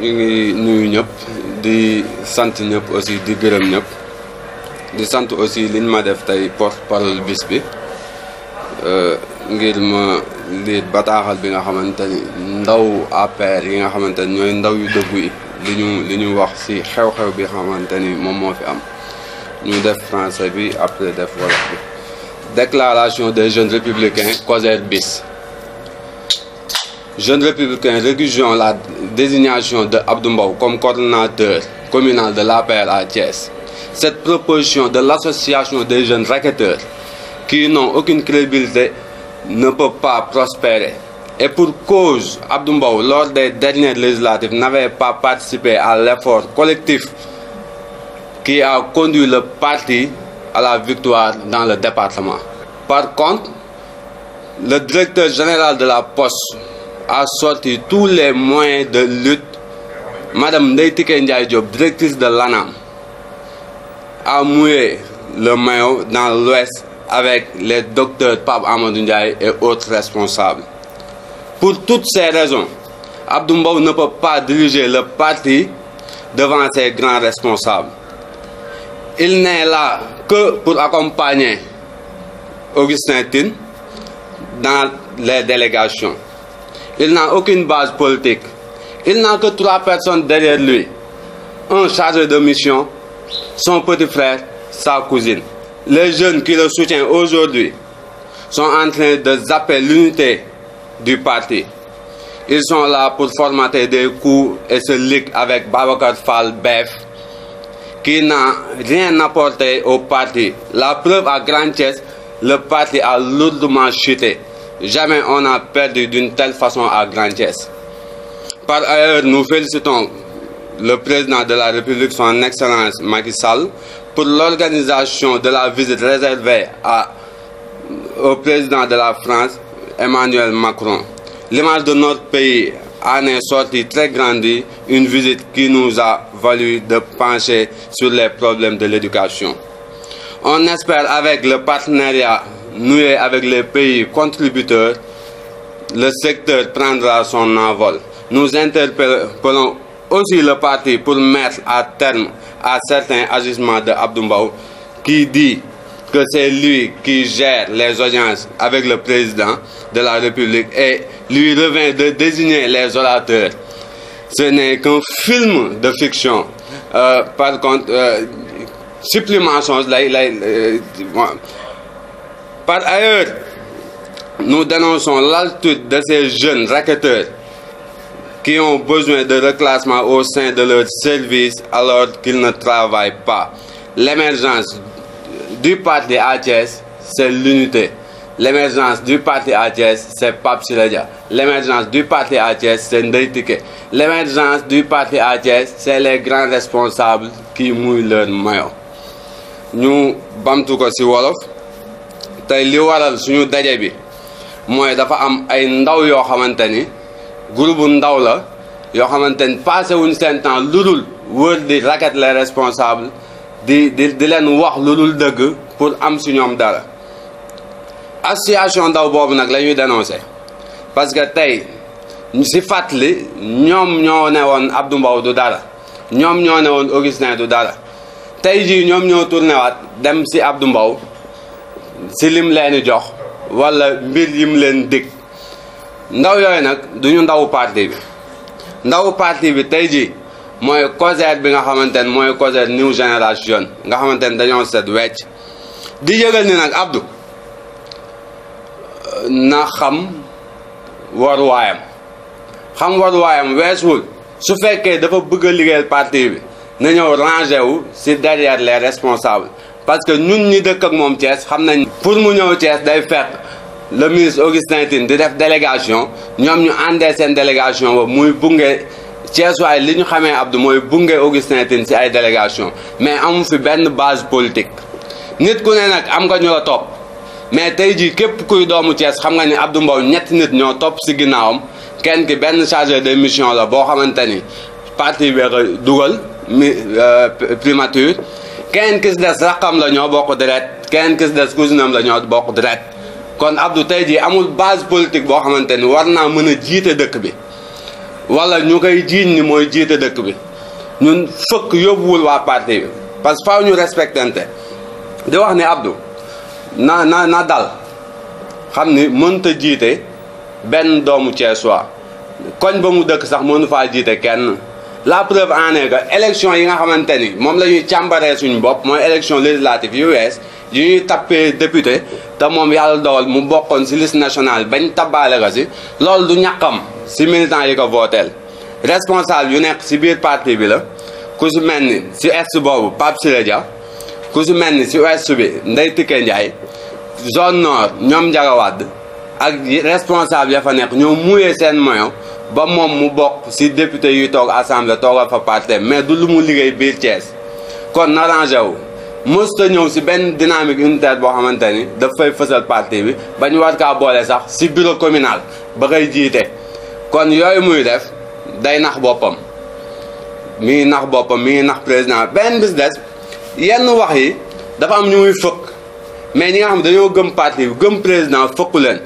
ñu ngi nuyu ñëpp di sant ñëpp aussi di gërëm ñëpp di sant aussi liñ ma def tey porte parole bis bi euh, ngir ma liit bataaxal bi nga xamante ndaw APR yi nga xamante ni ñooy ndaw yu dëggu yi li ñu li ñu wax ci xew-xew bi xamante ni moom moo fi am ñu def français bi après def wolof bi déclaration des jeunes républicains COSER bis Jeunes Républicains récusant la désignation de comme coordinateur communal de l'appel à Thiès. Cette proposition de l'association des jeunes raquetteurs qui n'ont aucune crédibilité ne peut pas prospérer. Et pour cause, Abdoumbaou, lors des dernières législatives, n'avait pas participé à l'effort collectif qui a conduit le parti à la victoire dans le département. Par contre, le directeur général de la Poste, a sorti tous les moyens de lutte. Madame Neitike Ndiaye directrice de l'ANAM, a mouillé le maillot dans l'Ouest avec les docteurs Pape Amadou Ndiaye et autres responsables. Pour toutes ces raisons, Abdoumbaou ne peut pas diriger le parti devant ses grands responsables. Il n'est là que pour accompagner Augustin dans les délégations. Il n'a aucune base politique. Il n'a que trois personnes derrière lui. Un chargé de mission, son petit frère, sa cousine. Les jeunes qui le soutiennent aujourd'hui sont en train de zapper l'unité du parti. Ils sont là pour formater des coups et se liguent avec Babacar Fall Bef, qui n'a rien apporté au parti. La preuve à Grand le parti a lourdement chuté. Jamais on n'a perdu d'une telle façon à Grandesse. Par ailleurs, nous félicitons le président de la République, son Excellence Macky Sall, pour l'organisation de la visite réservée au président de la France, Emmanuel Macron. L'image de notre pays en est sortie très grandie, une visite qui nous a valu de pencher sur les problèmes de l'éducation. On espère avec le partenariat noué avec les pays contributeurs, le secteur prendra son envol. Nous interpellons aussi le parti pour mettre à terme à certains agissements de Abdoumbaou qui dit que c'est lui qui gère les audiences avec le président de la République et lui revient de désigner les orateurs. Ce n'est qu'un film de fiction. Euh, par contre, euh, supplément, par ailleurs, nous dénonçons l'altitude de ces jeunes racketeurs qui ont besoin de reclassement au sein de leur service alors qu'ils ne travaillent pas. L'émergence du parti ATS, c'est l'unité. L'émergence du parti ATS, c'est pas L'émergence du parti ATS, c'est Ndritike. L'émergence du parti ATS, c'est les grands responsables qui mouillent leur maillot. Nous, Bamtouko Wolof. tey li waral suñu daje bi mooy dafa am ay ndaw yoo xamante ni groupe ndaw la yoo xamante ni passé wuñ seen lu dul wër di racket la responsable di di di leen wax lu dul dëgg pour am si ñoom dara association ndaw boobu nag la ñuy dénoncé parce que tey si fàttali ñoom ñoo ne woon Abdou mbaw du dara ñoom ñoo ne woon Augustin du dara tey jii ñoom ñoo tourné dem si Abdou mbaw si lim leen jox walla mbir yim leen dig ndaw yooyu nag duñu ndawu parti bi ndaw parti bi tey jii mooy COJER bi nga xamante ne mooy COJER new génération nga xamante ne dañoo set wecc di yëgal ni nag abdu na xam waruwaayam xam waruwaayam weesuwul su fekkee dafa bëgg a liggéeyal parti bi na ñëw rangé wu si derrière les responsable parce que ñun ñi dëkk ak moom Thiès xam nañ pour mu ñëw Thiès day fekk le ministre Augustin Tine di def délégation ñoom ñu àndee seen délégation muy bunge Thiès waaye li ñu xamee Abdou mooy bunge Augustin Tine ci ay délégation mais am fi benn base politique nit ku ne nag am nga ñu la topp mais tey jii képp kuy doomu Thiès xam nga ni Abdou Mbow ñetti nit ñoo topp ci ginnaawam kenn ki benn chargé de mission la boo xamante ni parti bi dugal mi euh, primature kenn kis des raqam la ñoo bokk deret kenn kis des cousinam la ñoo bokk deret kon Abdou tey jii amul base politique boo xamante ni war naa mën a jiite dëkk bi wala ñu koy jiiñ ni mooy jiite dëkk bi ñun fëkk yóbbuwul waa parti bi parce que faaw ñu respectante di wax ni Abdou na na na dal xam ni mënta jiite benn doomu Cees waa koñ ba mu dëkk sax mënu faa jiite kenn la preuve en est que élection yi nga xamante ni moom la ñuy càmbaree suñu bopp mooy élection législative yu wees yuy ñuy tappee député te moom yàlla dogal mu bokkoon si liste nationale bañ tabbaale ko si loolu du ñàkkam si militant yi ko vooteel responsable yu nekk si biir parti bi la ku si mel ni si est boobu Pape Dia ku si mel ni si ouest bi Ndeye Tické Ndiaye zone nord ñoom Ndiaga ak responsable ya fa nekk ñoo muyee seen moyo ba moom mu bokk si député yuy toog assemblée toogal fa parti mais du lu mu liggéey biir Thiès kon na wu mësta ñëw si benn dynamique unitaire boo xamante ni daf fay fësal parti bi ba ñu war kaa boole sax si bureau communal ba koy jiite kon yooyu muy def day nax boppam mi nax boppam mi nax président benn bis des yenn wax yi dafa am ñu muy fëkk mais ñi nga xam dañoo gëm parti bi gëm président fëkku leen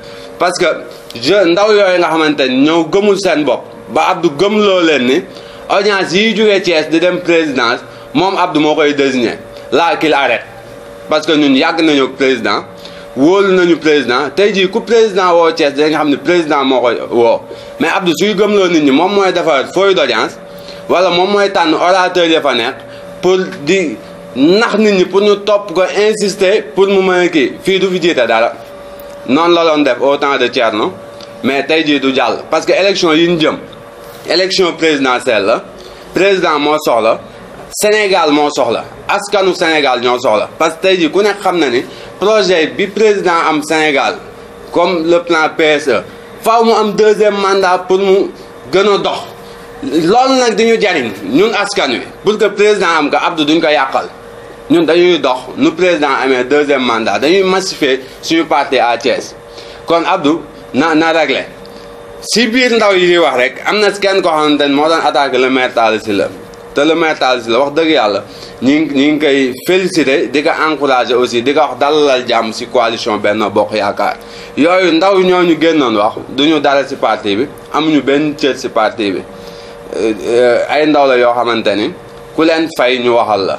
je ndaw yooyu nga xamante ni ñëw gëmul seen bopp ba Abdou gëmloo leen ni audience yi jógee Thiès di dem présidence moom Abdou moo koy désigné laa qu'il arrête parce que ñun yàgg nañu ak président wóolu nañu président tey jii ku président woo Thiès da nga xam ne président moo koy woo mais Abdou suy gëmloo nit ñi moom mooy defar fooy d'audience wala moom mooy tànn orateur ya fa nekk pour di nax nit ñi pour ñu topp ko insister pour mu mën a fii du fi jiite dara. noonu la doon def au temps de Thierno mais tey jii du jàll parce que élection yi ñu jëm élection présidentielle la président moo soxla Sénégal moo soxla askanu Sénégal ñoo soxla parce que tey jii ku nekk xam na ni projet bi président am Sénégal comme le plan PSE faaw mu am deuxième mandat pour mu gën a dox loolu nag di ñu jariñ ñun askan wi pour que président am ko du ñu ko yàqal ñun dañuy dox nu président amee deuxième mandat dañuy massifier suñu parti à Thiès kon Abdou na na réglé si biir ndaw yi di wax rek am na kenn koo xamante ne moo la attaqué le maire te le maire Talla Sylla wax dëgg yàlla ñu ngi ñu ngi koy félicité di ko encouragé aussi di ko wax jàmm si coalition Benno Bokk Yaakaar yooyu ndaw ñooñu génnoon wax duñu dara si parti bi ñu benn cër si parti bi euh, euh, ay ndaw la yoo xamante ni ku leen fay ñu waxal la.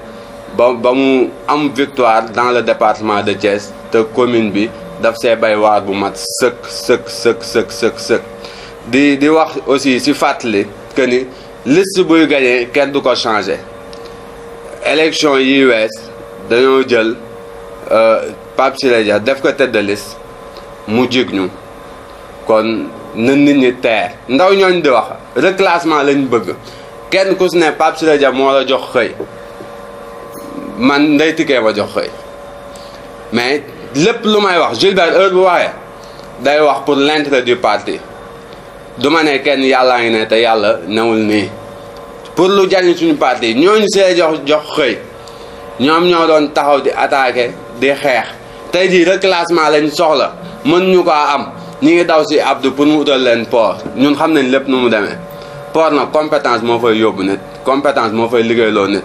ba ba mu am victoire dans le département de Thiès te commune bi daf see bay waar bu mat sëkk sëkk sëkk sëkk sëkk sëkk di di wax aussi si fàttali que ni liste buy gagné kenn du ko changé élection yi wees dañoo jël euh, Pape Siré Dia def ko tête de liste mu jig ñu kon na nit ñi teer ndaw ñooñ di wax reclassement lañu bëgg kenn ku si ne Pape Siré Dia moo la jox xëy man nday tikkee ma jox xëy mais lépp lu may wax Gilbert heure bu waxee day wax pour l'intérêt di parti du ma ne kenn yàllaa ngi ne te yàlla newul nii pour lu jariñ suñu parti ñooñu see jox jox xëy ñoom ñoo doon taxaw di attaqué di xeex tey jii reclassement lañ soxla mën ñu ko am ñi ngi daw si Abdou pour mu utal leen port ñun xam nañ lépp nu mu demee port na compétence moo fay yóbbu nit compétence moo fay liggéeyloo nit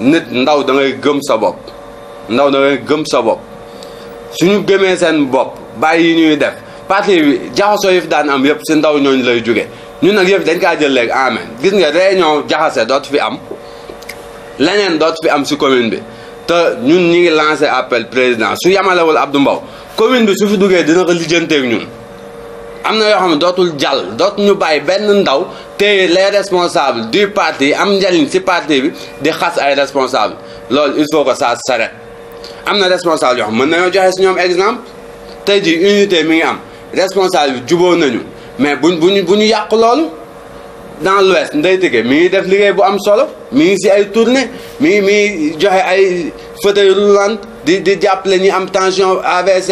nit ndaw da gëm sa bopp ndaw da gëm sa bopp suñu gëmee seen bopp bàyyi yi ñuy def parti bi jaxasoo yëf daan am yëpp si ndaw ñooñu lay juge ñu nag yëf dañ kaa jël léegi amen gis nga réunion jaxase doot fi am leneen dootu fi am si commune bi te ñun ñi ngi lancé appel président su ab Abdou mbaw commune bi su fi duggee dina ko lijjanteeg ñun am na yoo xam ne dootul jàll dootuñu bàyyi benn ndaw téye les responsable du parti am njëriñ ci parti bi di xas ay responsables loolu il faut que ça s'arrête am na responsable yoo xam mën nañoo joxe ci ñoom exemple tey jii unité mi ngi am responsable bi juboo nañu mais buñ buñ bu ñu yàq loolu dans l'ouest Ndeye Tické mi ngi def liggéey bu am solo mi ngi ci ay tournée mi ngi mi joxe ay fauteuil roulant di di jàppale ñi am tension AVC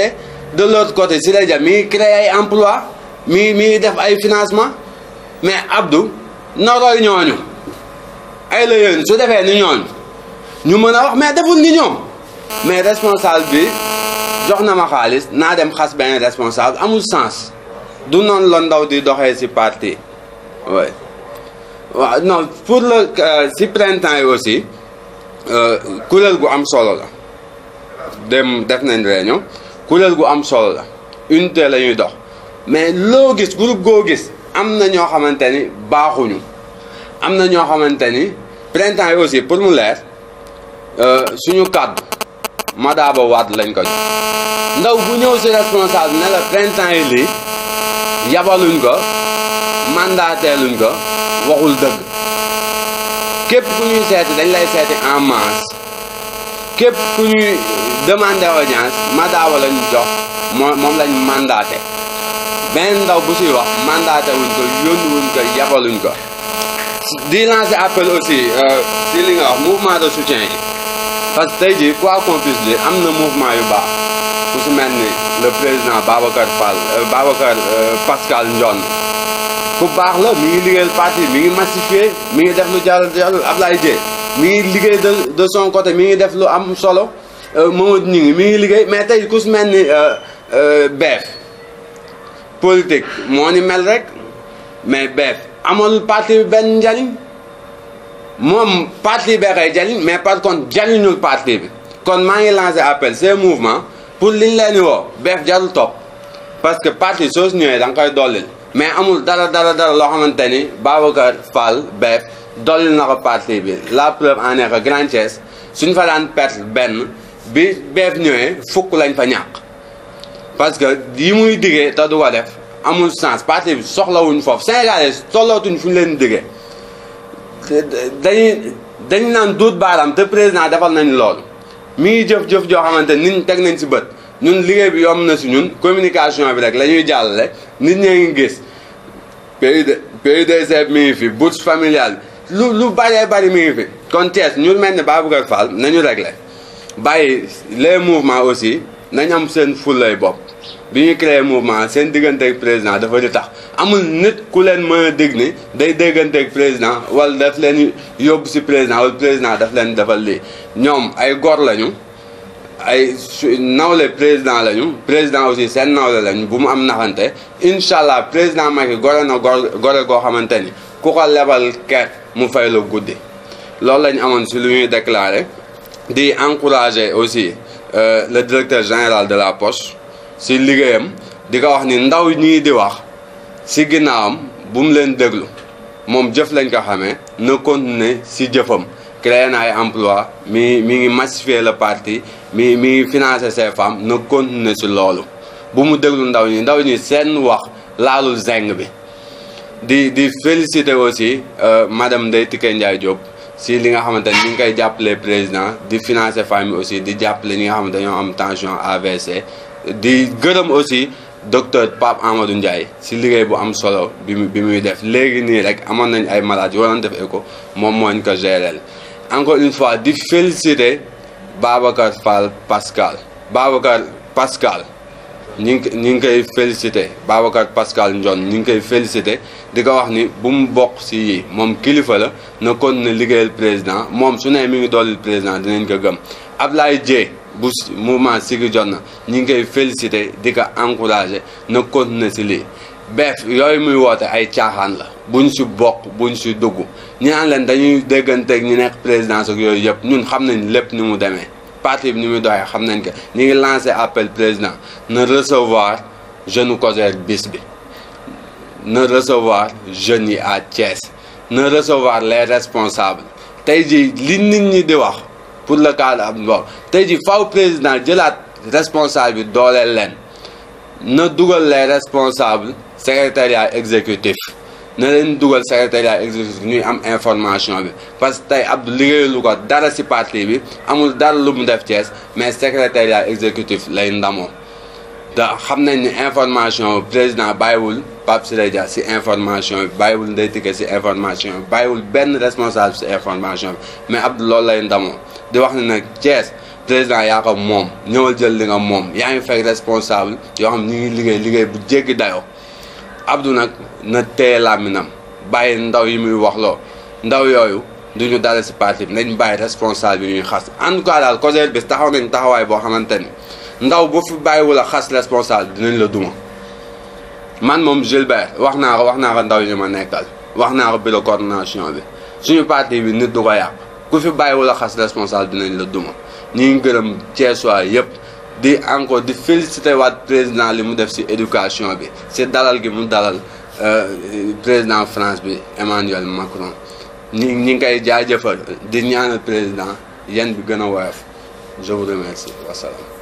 de l'autre côté ci rajo mi ngi ay emploi mi mi def ay financement mais Abdou na roy ñooñu ay la yéen su defee ni ñooñu ñu mën a wax mais deful ni ñoom mais responsable bi jox na ma xaalis naa dem xas benn responsable amul sens du noonu la ndaw di doxee ci parti oui waaw non pour le euh, ci printemps yi aussi euh, kuréel gu am solo la dem def nañ réunion kuréel gu am solo la unité la ñuy dox mais loo gis groupe goo gis am na ñoo xamante ni baaxuñu am na ñoo xamante ni printemps yi aussi pour mu leer euh, suñu kàddu Madaaba Wade lañ ko jox ndaw bu ñëw si responsable ne la printemps yi lii yabaluñ ko luñ ko waxul dëgg képp ku ñuy seeti dañ lay seeti en masse képp ku ñuy demander audience Madaaba lañ jox moom moom lañ mandaté benn ndaw bu siy wax mandaté wuñ ko yónni wuñ ko yabaluñ ko di lancer appel aussi si euh, li nga wax mouvement de soutien yi parce que tey jii quoi qu'on puisse dire am na mouvement yu baax ku si mel ni le président Babacar Fall euh, Babacar euh, Pascal Ndione ku baax la mu ngi liggéeyal parti mi ngi massifié mi ngi def lu jàll jàll Ablaye Dieng mi ngi liggéey de de son côté mi ngi def lu am solo Mamadou Ngingue mi ngi liggéey mais tey ku si mel ni beef politique moo ni mel rek mais beef amul parti benn njariñ moom parti bee koy jariñ mais par contre jariñul parti bi kon maa ngi lancé appel mouvement pour liñ leen woo beef jarul topp parce que parti soo si ñëwee da nga koy dollil mais amul dara dara dara loo xamante ni Babacar Fall beef dollil na ko bi la preuve en est que Grand Thiès suñ fa daan perte benn bi beef ñëwee fukk lañ fa ñàkk parce que yi muy diggee te du ko def amul sens parti bi soxlawuñ foofu Sénégalais soxlawtuñ fu ñu leen diggee dañuy dañu naan duut baaraam te président defal nañ loolu mi ngi jëf-jëf joo xamante nit ñi teg nañ si bët ñun liggéey bi yomb na si ñun communication bi rek la ñuy jàllale nit ñee ngi gis PUDC mi ngi fi bourse familiale lu lu bëree bari mi ngi fi kon Thiès ñu mel ne Babacar Fall nañu réglé bàyyi les mouvements aussi nañ am seen fullay bopp bi ñu créé mouvement seen diggante ak président dafa di tax amul nit ku leen mën a dégg ni day déggante ak président wala daf leen yóbbu si président wala président daf leen defal lii ñoom ay góor lañu ay nawle président lañu président aussi seen nawle lañu bu mu am naxante incha allah président Macky gore na gor gore goo xamante ni ku ko lebal ker mu fay la guddi loolu lañu amoon si lu ñuy déclaré di encouragé aussi Euh, le directeur général de la poste si liggéeyam dika a wax ni ndaw ñi di wax si ginaam bu mu leen déglu moom jëf lañ ko continuer si jëfam créé emploi mi mi ngi massifier le parti mi mi financer ses femmes ne continuer si loolu bu mu ndaw ñi ndaw ñi seen wax féliciter aussi euh, madame de Tikenja si li nga xamante ni ñu ngi koy jàppale président di financer famille aussi di jàppale ñi nga xamante dañoo am tension AVC di gërëm aussi docteur Pape Amadou Ndiaye si liggéey bu am solo bi bi muy def léegi nii rek amoon nañ ay malades yoo doon def écho moom moo ko géreel encore une fois di féliciter Babacar Fall Pascal Pascal. ñi ngi ñi ngi koy félicité Babacar Pascal Ndione ñi ngi koy félicité di ko wax ni bu mu bokk si yii moom kilifa la na kon na liggéeyal président moom su nee mi ngi doolil président dinañ ko gëm Ablaye Dieng bu mouvement Siggi Jotna ñi ngi koy félicité di ko encouragé na continuer si lii beef yooyu muy woote ay caaxaan la buñ si bokk ñu si dugg ñaan leen dañuy dégganteeg ñu nekk président ak yooyu yëpp ñun xam nañ lépp ni mu demee parti bi ni muy doxee xam nañ que ñu ngi lancé appel président na recevoir jeune Cojer bis bi na recevoir jeunes yi à Thiès na recevoir les responsable tey ji li nit ñi di wax pour le cadre am boobu tey ji faw président jëlaat responsable bi dooleel leen na dugal les responsable secrétariat exécutif na leen dugal secrétariat exécutif ñuy am information bi parce que tey Abdou liggéeyalu dara si parti bi amul dara lu mu def Thiès mais secrétariat exécutif lay ndamoo da xam nañ ni information président bàyyiwul Pape Siré Dia ci information bi bàyyiwul Ndeye Tické ci information bi bàyyiwul benn responsable ci information bi mais Abdou loolu lay ndamoo di wax ne nag Thiès président yaa ko moom ñëwal jël li nga moom yaa ngi fekk responsable yoo xam ñu ngi liggéey liggéey bu jéggi dayoo abdu nag na téye nam bàyyi ndaw yi muy waxloo ndaw yooyu duñu dara si parti bi nañ bàyyi responsable yi ñuy xas en tout cas daal Cojer bi taxaw nañ taxawaay boo xamante ni ndaw bu fi bàyyiwul a responsable dinañ la duma man moom Gilbert wax naa ko wax naa ko ndaw yi ma nekkal wax naa ko bureau coordination bi suñu parti bi nit du ko yàq ku fi bàyyiwul a xas responsable dinañ la duma ñu ngi gërëm Thiès yëpp. di encore di félicité waat président li mu def ci éducation bi ci dalal gi mu dalal euh, président France bi Emmanuel Macron ñi ñi ngi koy jaajëfal di ñaanal président yan bi gën a woyof je vous remercie wasalaam